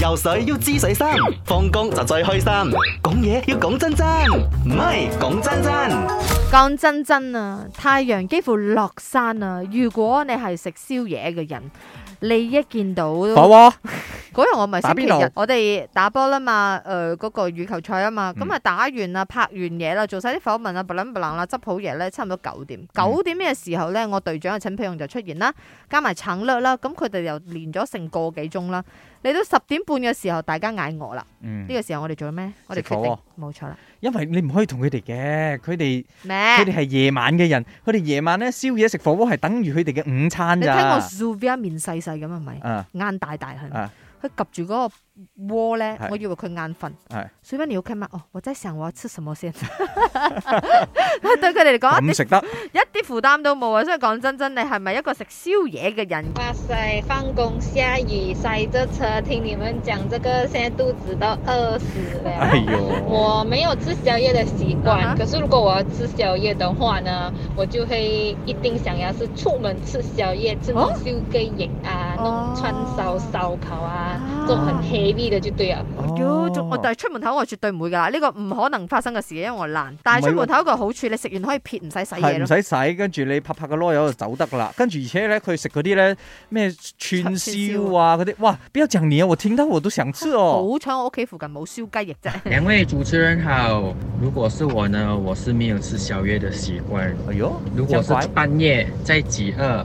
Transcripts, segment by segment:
遊水要知水深，放工就最開心。講嘢要講真真，唔係講真真。講真真啊，太陽幾乎落山啊。如果你係食宵夜嘅人，你一見到火鍋。哦哦嗰日我咪星期日我哋打波啦嘛，誒、呃、嗰、那個羽球賽啊嘛，咁啊、嗯、打完啦，拍完嘢啦，做晒啲訪問啊，唪唥唪唥啦，執好嘢咧，差唔多九點。九點嘅時候咧，嗯、我隊長嘅陳佩容就出現啦，加埋蔵略啦，咁佢哋又練咗成個幾鐘啦。嚟到十點半嘅時候，大家嗌我啦。呢、嗯、個時候我哋做咩？我哋食火鍋，冇錯啦。因為你唔可以同佢哋嘅，佢哋佢哋係夜晚嘅人，佢哋夜晚咧宵夜食火鍋係等於佢哋嘅午餐，你睇看我笑邊一面細細咁係咪？啊、眼大大佢 𥄫 住嗰個窩咧，是我以為佢眼瞓，是所以問你 OK 嗎？哦，我真想我要吃什麼先？聲， 對佢哋嚟講，唔食得一啲負擔都冇啊！所以講真真，你係咪一個食宵夜嘅人？哇塞，翻工下雨塞咗車，聽你們講這個，現在肚子都餓死了。哎、呦我沒有吃宵夜嘅習慣，uh huh. 可是如果我要吃宵夜嘅話呢，我就會一定想要是出門吃宵夜，即係燒雞翼啊，uh huh. 弄串燒、燒烤啊。做鹹味嘅絕對啊，我但係出門口我絕對唔會噶啦，呢、這個唔可能發生嘅事，因為我懶。但係出門口個好處，哦、你食完可以撇，唔使洗嘢，唔使洗，跟住你拍拍個囉柚就走得啦。跟住而且咧，佢食嗰啲咧咩串燒啊嗰啲燒，哇，比較正嘢啊！我聽到我都想食哦。好彩我屋企附近冇燒雞翼啫。兩位主持人好，如果是我呢，我是沒有吃宵夜的習慣。哎喲呦，如果是半夜在幾二？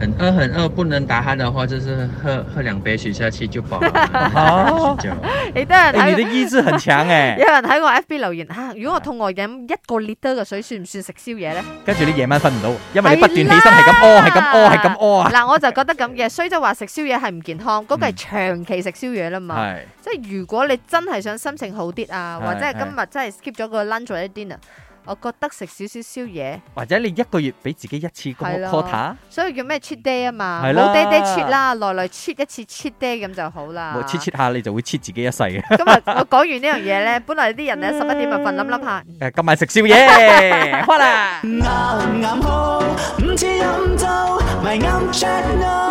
很餓很餓，不能打哈的話，就是喝喝兩杯水下去就飽啦。好，你得，你的意志很強誒。有人喺我 F B 留言吓，如果我痛餓飲一個 liter 嘅水，算唔算食宵夜咧？跟住你夜晚瞓唔到，因為你不斷起身係咁屙，係咁屙，係咁屙啊。嗱，我就覺得咁嘅，所以就話食宵夜係唔健康，嗰個係長期食宵夜啦嘛。係，即係如果你真係想心情好啲啊，或者係今日真係 skip 咗個 lunch 或者 dinner。我覺得食少少宵夜，或者你一個月俾自己一次個 quota，所以叫咩 cheat day 啊嘛，冇 day day cheat 啦，來來 cheat 一次 cheat day 咁就好啦。冇 cheat cheat 下你就會 cheat 自己一世嘅。今日我講完呢樣嘢咧，本來啲人咧，十一點咪瞓，諗諗下，誒今晚食宵夜，開啦。